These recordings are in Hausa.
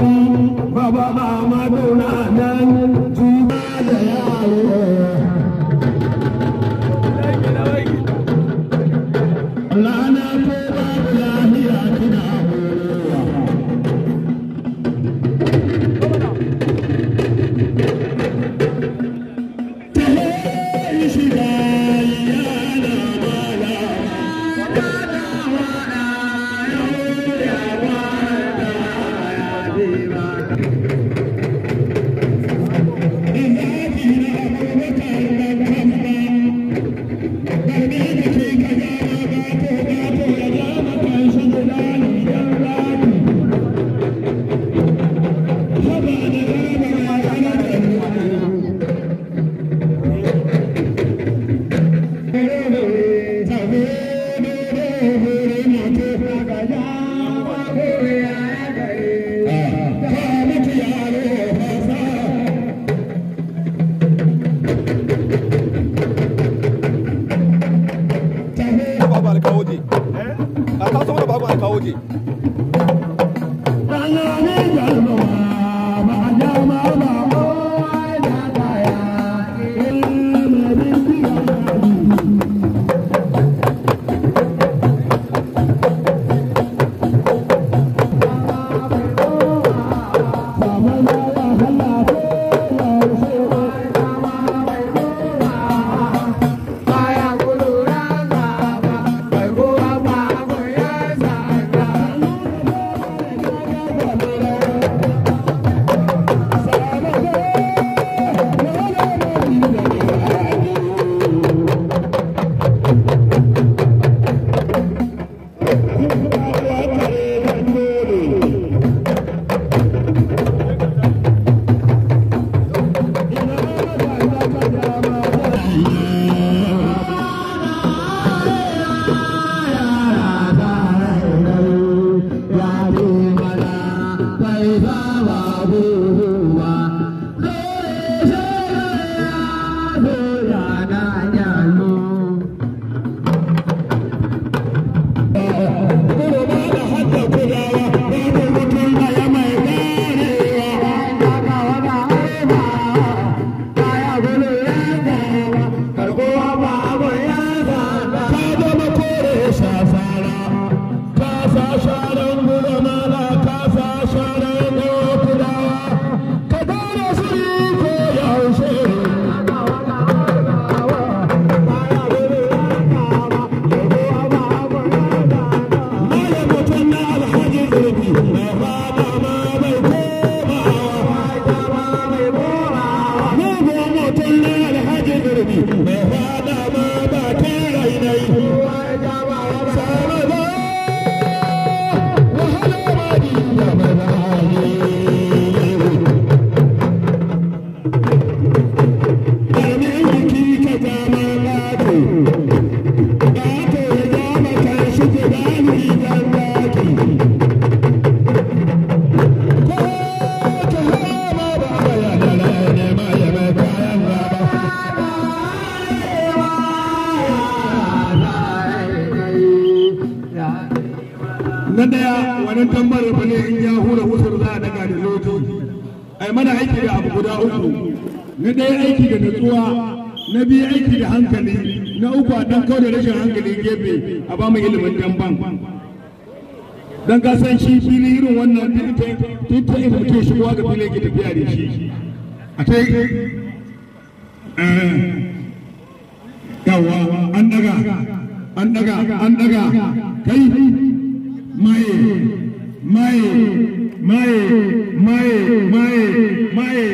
buhari baba amadu na nan jiba da yaro rana ko babu lahiya tana horowa wannan tambayar ba ne in ya hura kusur za a daga da lodi ai mana aiki da abu guda uku na ɗaya aiki da natsuwa na biyu aiki da hankali na uku a dan kawai da rashin hankali gefe a ba mu ilimin damban dan ka san shi fili irin wannan titin ita ke shigowa ga filin ke tafiya da shi a ta eh, yawa an daga an daga an daga kai maye maye maye maye maye maye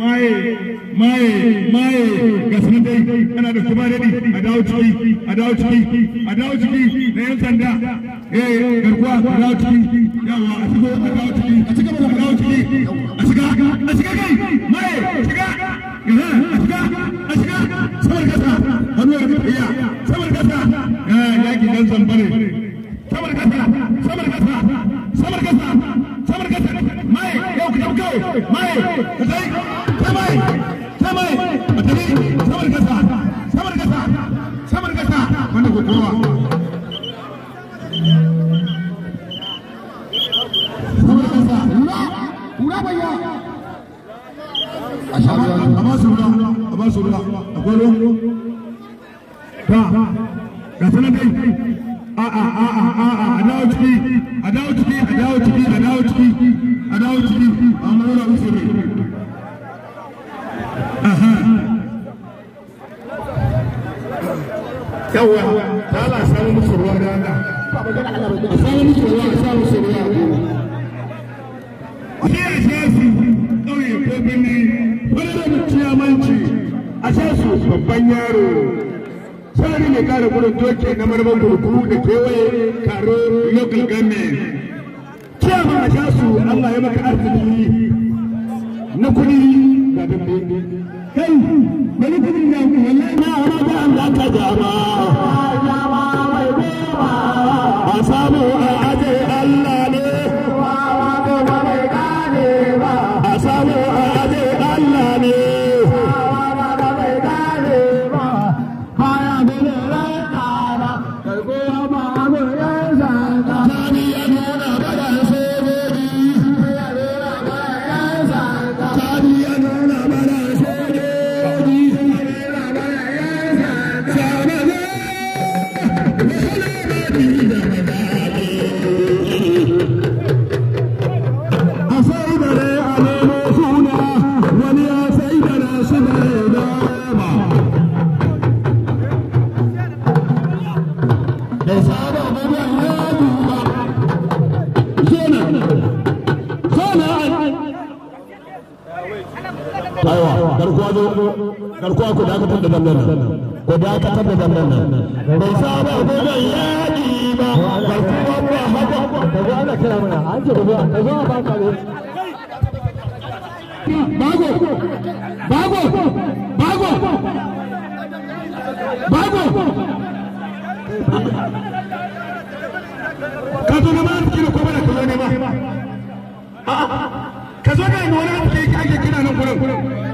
maye maye maye ga sunan dai ana da kuma dadi a dawo ciki a dawo ciki a dawo ciki da yan sanda eh garkuwa a dawo ciki yawa a shigo a dawo ciki a cika a dawo ciki a shiga a shiga kai a ba su ruwa a ba su ruwa akwai ruwa ta ga sanar dai a a a a a a a ciki a dawo ciki ciki a dawo ciki ciki a mura musu ne yawa ta la samu ruwa a samu musu su babban yaro sani mai kara gudun doki na marmar da kewaye karo local government a allah ya maka arziki na kudi ga dambe kai bari na jama ba samu a garkuwa ku dakatar da damdan nan da damdan nan bai ko da yaƙi ba garkuwa ba haka da zo ana ba, mana an ba. Ba da ba ka ba bago ba bago ka zo na ma kira ko bana ka zo ne ma ka zo ne wani abu da yake ake kina nan gurin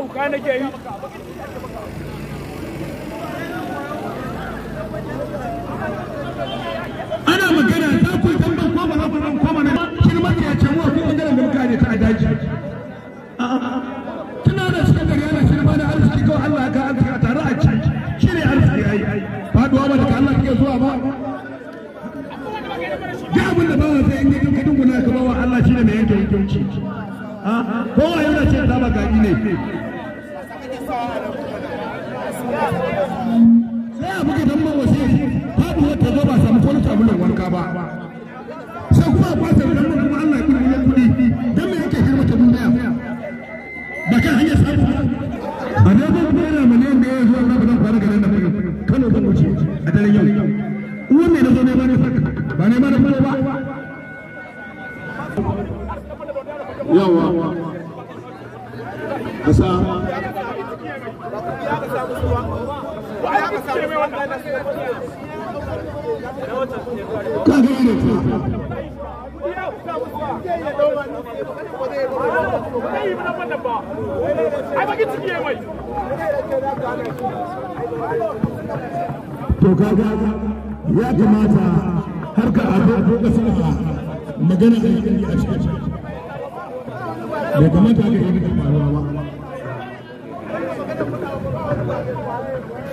hauka nake ana magana ta ku tambar ko ba haɓar ran koma na kirmar ya ce mu akwai ɓangaren da muka ta a daji tuna da suka gari ana shirma da arziki kawai Allah ka arziki a tare a ci shi ne arziki ya yi faduwa ba daga Allah kake zuwa ba duk abin da ba wa sai inda duk duk guna ka ba wa Allah shi ne mai yanke yanke wuce kowa yana ce ta ba gari ne sai a buga dan mawa sai ta zo ba samu wani wanka ba sai kuma a kwasa dan mawa kuma Allah ya kudi dan me yake ba kan ne ba da ya zo ba fara da Kano a daren yau ne da zo ne ba ne ba ne da ba yawa kasa ka to kaga ya kamata harka abu abu da sarfa magana a cikin a cikin bai kamata haka faruwa ba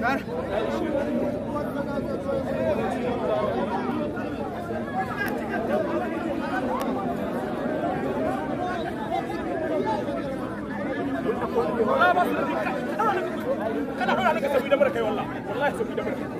Ver. Kana hura ne da barkai wallahi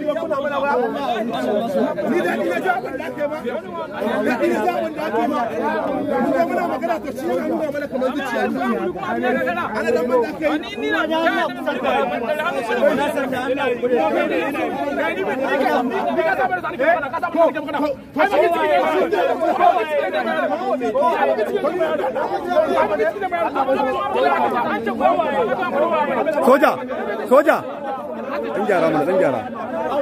ya kuna mana ba ni da magana Soja, soja, a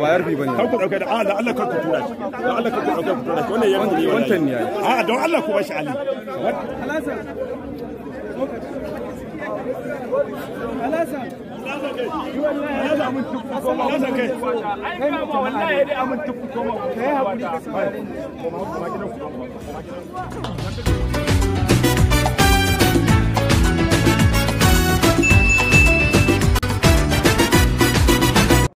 ba yarfi bane kan ku dauke da Allah Allah kan ku tura shi don Allah kan ku dauke ku tura shi wannan yarfi ne wannan ne a don Allah ku bashi Ali Alasa Alasa Thank you.